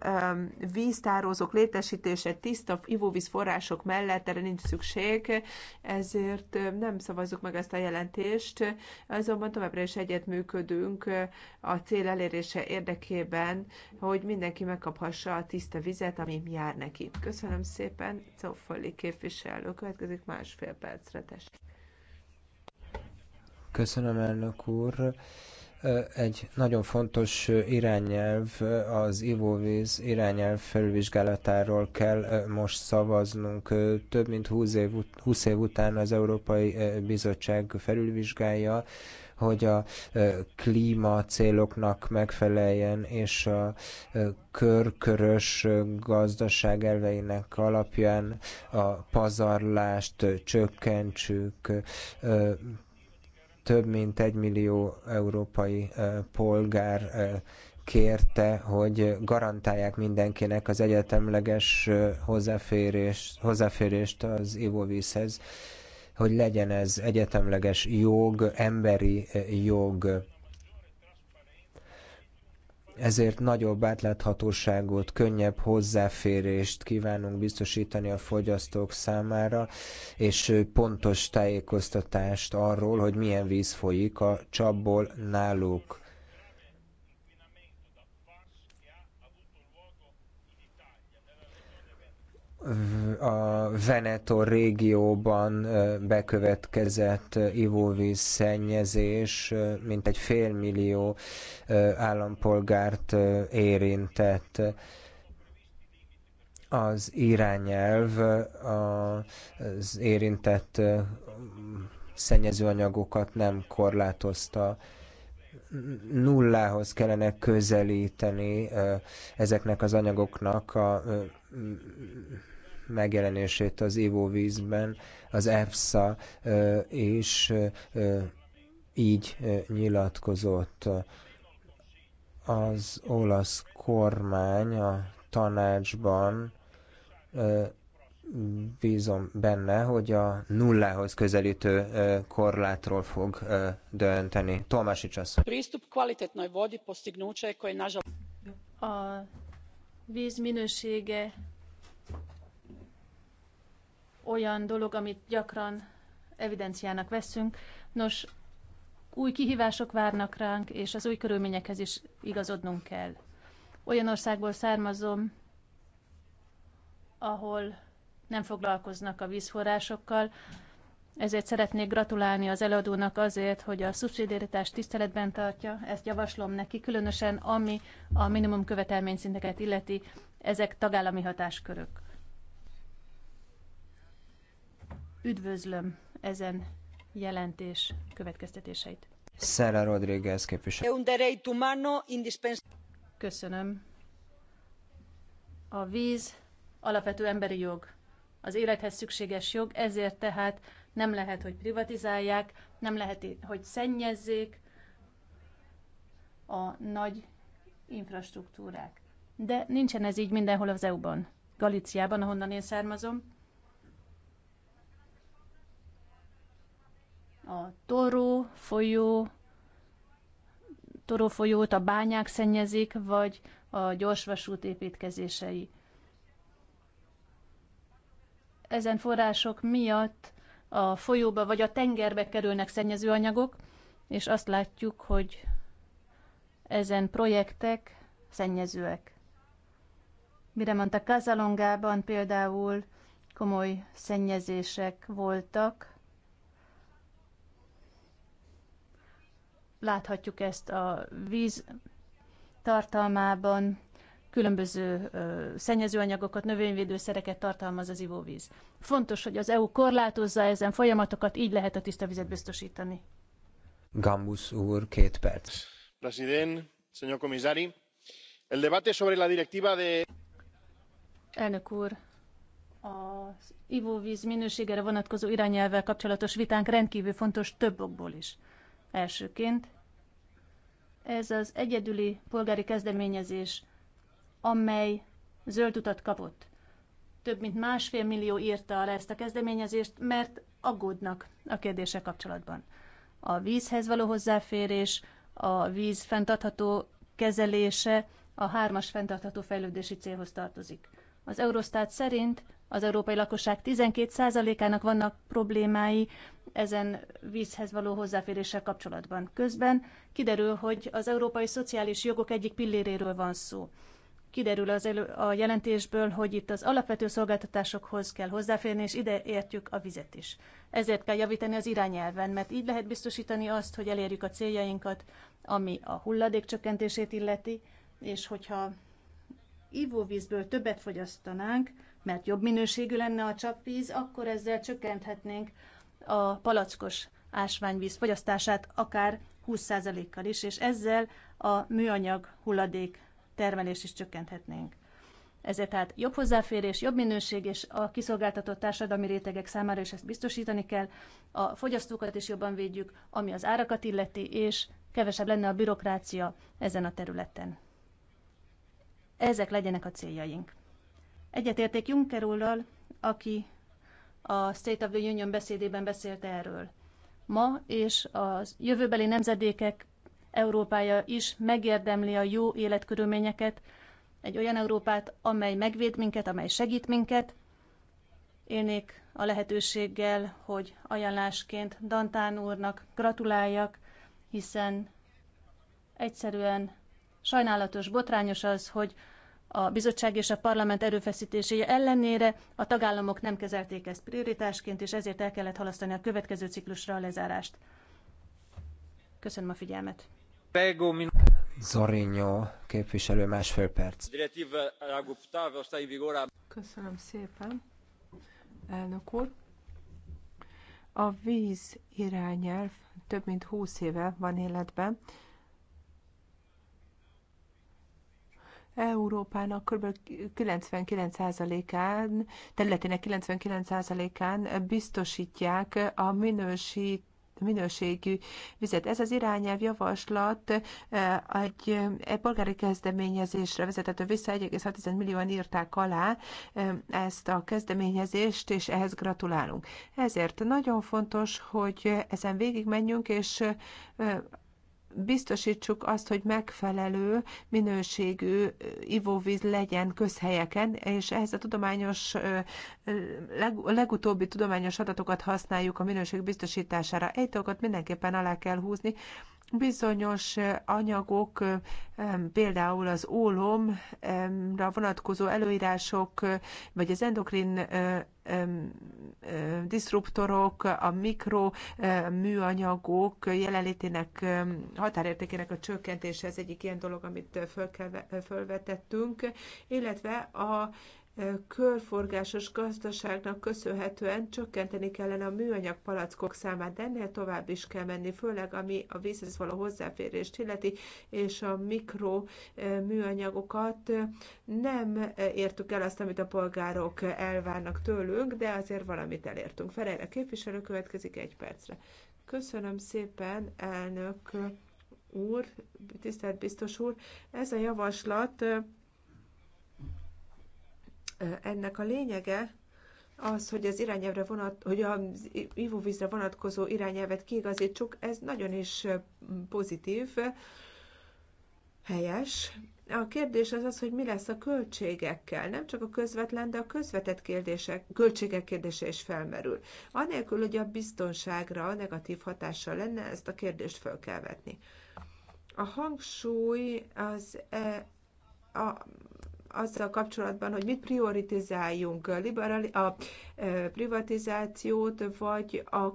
víztározók létesítése, tiszta ivóvíz források mellett, erre nincs szükség, ezért nem szavazzuk meg ezt a jelentést, azonban továbbra is egyetműködünk eh, a cél elérése érdekében, hogy mindenki megkaphassa a tiszta vizet, ami jár neki. Köszönöm szépen, Cofoli képviselő, következik másfél percre, tessék. Köszönöm, elnök úr. Egy nagyon fontos irányelv, az ivóvíz irányelv felvizsgálatáról kell most szavaznunk. Több mint 20 év, 20 év után az Európai Bizottság felülvizsgálja, hogy a klíma céloknak megfeleljen, és a körkörös gazdaság elveinek alapján a pazarlást csökkentsük, több mint egy millió európai polgár kérte, hogy garantálják mindenkinek az egyetemleges hozzáférés, hozzáférést az ivóvízhez, hogy legyen ez egyetemleges jog, emberi jog ezért nagyobb átláthatóságot, könnyebb hozzáférést kívánunk biztosítani a fogyasztók számára, és pontos tájékoztatást arról, hogy milyen víz folyik a csapból náluk. a Veneto régióban bekövetkezett ivóvíz szennyezés mintegy félmillió állampolgárt érintett. Az irányelv az érintett szennyezőanyagokat nem korlátozta nullához kellene közelíteni ezeknek az anyagoknak a megjelenését az ivóvízben, az EFSA és így nyilatkozott az olasz kormány a tanácsban bízom benne, hogy a nullához közelítő korlátról fog dönteni. Tolmásics asszony. A víz minősége olyan dolog, amit gyakran evidenciának veszünk. Nos, új kihívások várnak ránk, és az új körülményekhez is igazodnunk kell. Olyan országból származom, ahol nem foglalkoznak a vízforrásokkal, ezért szeretnék gratulálni az eladónak azért, hogy a szubszidiaritást tiszteletben tartja, ezt javaslom neki, különösen ami a minimum követelményszinteket illeti, ezek tagállami hatáskörök. Üdvözlöm ezen jelentés következtetéseit. Sara Rodriguez képviselő. Köszönöm. A víz alapvető emberi jog, az élethez szükséges jog, ezért tehát nem lehet, hogy privatizálják, nem lehet, hogy szennyezzék a nagy infrastruktúrák. De nincsen ez így mindenhol az EU-ban. Galiciában, ahonnan én származom, a Toró folyó, Toró folyót a bányák szennyezik, vagy a gyorsvasút építkezései. Ezen források miatt a folyóba vagy a tengerbe kerülnek szennyezőanyagok, és azt látjuk, hogy ezen projektek szennyezőek. Mire mondta Kazalongában például komoly szennyezések voltak, Láthatjuk ezt a víz tartalmában, különböző szennyezőanyagokat, növényvédőszereket tartalmaz az ivóvíz. Fontos, hogy az EU korlátozza ezen folyamatokat, így lehet a tiszta vizet biztosítani. Gambus úr, két perc. President, señor comisari, el debate sobre la directiva de... Elnök úr, az ivóvíz minőségére vonatkozó irányelvvel kapcsolatos vitánk rendkívül fontos több okból is. Elsőként ez az egyedüli polgári kezdeményezés, amely zöld utat kapott. Több mint másfél millió írta alá ezt a kezdeményezést, mert aggódnak a kérdése kapcsolatban. A vízhez való hozzáférés, a víz fenntartható kezelése a hármas fenntartható fejlődési célhoz tartozik. Az Eurostat szerint az európai lakosság 12%-ának vannak problémái ezen vízhez való hozzáféréssel kapcsolatban. Közben kiderül, hogy az európai szociális jogok egyik pilléréről van szó. Kiderül az elő, a jelentésből, hogy itt az alapvető szolgáltatásokhoz kell hozzáférni, és ide értjük a vizet is. Ezért kell javítani az irányelven, mert így lehet biztosítani azt, hogy elérjük a céljainkat, ami a hulladék csökkentését illeti, és hogyha ivóvízből többet fogyasztanánk, mert jobb minőségű lenne a csapvíz, akkor ezzel csökkenthetnénk a palackos ásványvíz fogyasztását akár 20%-kal is, és ezzel a műanyag hulladék termelést is csökkenthetnénk. Ezért tehát jobb hozzáférés, jobb minőség és a kiszolgáltatott társadalmi rétegek számára is ezt biztosítani kell. A fogyasztókat is jobban védjük, ami az árakat illeti, és kevesebb lenne a bürokrácia ezen a területen. Ezek legyenek a céljaink. Egyetérték Juncker úrral, aki a State of the Union beszédében beszélt erről. Ma és a jövőbeli nemzedékek Európája is megérdemli a jó életkörülményeket, egy olyan Európát, amely megvéd minket, amely segít minket. Élnék a lehetőséggel, hogy ajánlásként Dantán úrnak gratuláljak, hiszen egyszerűen sajnálatos, botrányos az, hogy a bizottság és a parlament erőfeszítései ellenére a tagállamok nem kezelték ezt prioritásként, és ezért el kellett halasztani a következő ciklusra a lezárást. Köszönöm a figyelmet. Zorinho képviselő, másfél perc. Köszönöm szépen, elnök úr. A víz irányelv több mint 20 éve van életben, Európának kb. 99%-án, területének 99%-án biztosítják a minősít minőségű vizet. Ez az irányelv javaslat eh, egy, egy polgári kezdeményezésre vezethető vissza, 1,6 millióan írták alá eh, ezt a kezdeményezést, és ehhez gratulálunk. Ezért nagyon fontos, hogy ezen végigmenjünk, és eh, biztosítsuk azt, hogy megfelelő minőségű ivóvíz legyen közhelyeken, és ehhez a tudományos, leg, legutóbbi tudományos adatokat használjuk a minőség biztosítására. Egy dolgot mindenképpen alá kell húzni, bizonyos anyagok, például az ólomra vonatkozó előírások, vagy az endokrin disruptorok, a mikroműanyagok jelenlétének határértékének a csökkentése, ez egyik ilyen dolog, amit fölvetettünk, illetve a körforgásos gazdaságnak köszönhetően csökkenteni kellene a műanyag palackok számát, de ennél tovább is kell menni, főleg ami a vízhez való hozzáférést illeti, és a mikro eh, műanyagokat. Eh, nem eh, értük el azt, amit a polgárok elvárnak tőlünk, de azért valamit elértünk. Ferejre képviselő következik egy percre. Köszönöm szépen, elnök úr, tisztelt biztos úr. Ez a javaslat ennek a lényege az, hogy az irányelvre vonat, hogy az ivóvízre vonatkozó irányelvet kiigazítsuk, ez nagyon is pozitív, helyes. A kérdés az az, hogy mi lesz a költségekkel. Nem csak a közvetlen, de a közvetett kérdések, költségek kérdése is felmerül. Anélkül, hogy a biztonságra a negatív hatással lenne, ezt a kérdést fel kell vetni. A hangsúly az e, a, azzal kapcsolatban, hogy mit prioritizáljunk, liberali, a privatizációt, vagy a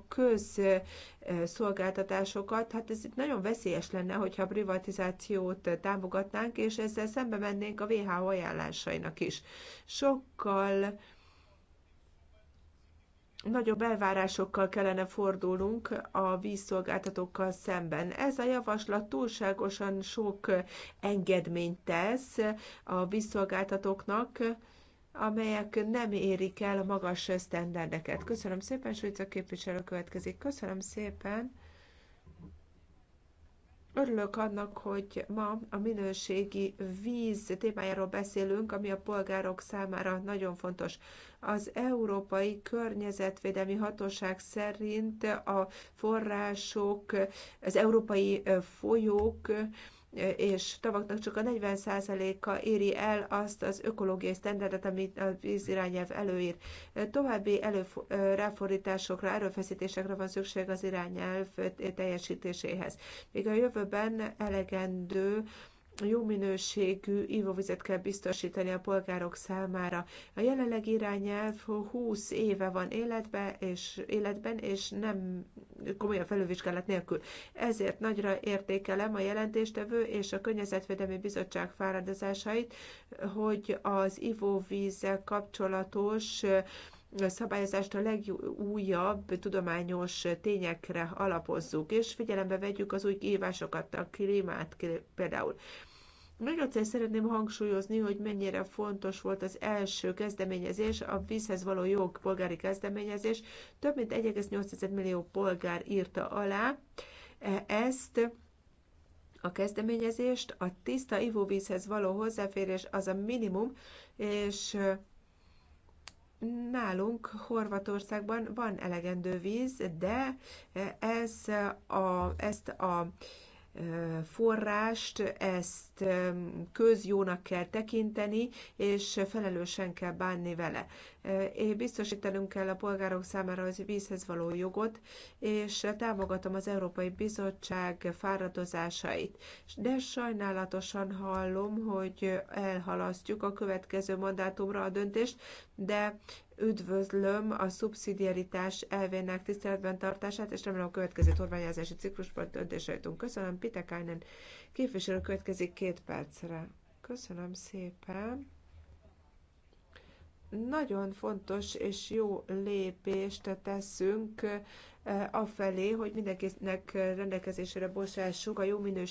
közszolgáltatásokat. Hát ez nagyon veszélyes lenne, hogyha a privatizációt támogatnánk, és ezzel szembe mennénk a WHO ajánlásainak is. Sokkal nagyobb elvárásokkal kellene fordulnunk a vízszolgáltatókkal szemben. Ez a javaslat túlságosan sok engedményt tesz a vízszolgáltatóknak, amelyek nem érik el a magas sztenderdeket. Köszönöm szépen, a képviselő következik. Köszönöm szépen. Örülök annak, hogy ma a minőségi víz témájáról beszélünk, ami a polgárok számára nagyon fontos. Az Európai Környezetvédelmi Hatóság szerint a források, az európai folyók és tavaknak csak a 40%-a éri el azt az ökológiai sztenderdet, amit a vízirányelv előír. További előf- ráfordításokra, erőfeszítésekre van szükség az irányelv teljesítéséhez. Még a jövőben elegendő jó minőségű ivóvizet kell biztosítani a polgárok számára. A jelenlegi irányelv 20 éve van életben, és, életben, és nem komolyan felülvizsgálat nélkül. Ezért nagyra értékelem a jelentéstevő és a Környezetvédelmi Bizottság fáradozásait, hogy az ivóvízzel kapcsolatos szabályozást a legújabb tudományos tényekre alapozzuk, és figyelembe vegyük az új kívásokat, a klímát például. Még egyszer szeretném hangsúlyozni, hogy mennyire fontos volt az első kezdeményezés, a vízhez való jog polgári kezdeményezés. Több mint 1,8 millió polgár írta alá e- ezt a kezdeményezést. A tiszta ivóvízhez való hozzáférés az a minimum, és Nálunk Horvatországban van elegendő víz, de ez a, ezt a forrást, ezt közjónak kell tekinteni, és felelősen kell bánni vele. Én biztosítanunk kell a polgárok számára az vízhez való jogot, és támogatom az Európai Bizottság fáradozásait. De sajnálatosan hallom, hogy elhalasztjuk a következő mandátumra a döntést, de üdvözlöm a szubszidiaritás elvének tiszteletben tartását, és remélem a következő torványázási ciklusban döntésre jutunk. Köszönöm, Pitekainen képviselő következik két percre. Köszönöm szépen. Nagyon fontos és jó lépést teszünk eh, afelé, hogy mindenkinek rendelkezésére bocsássuk a jó minőségű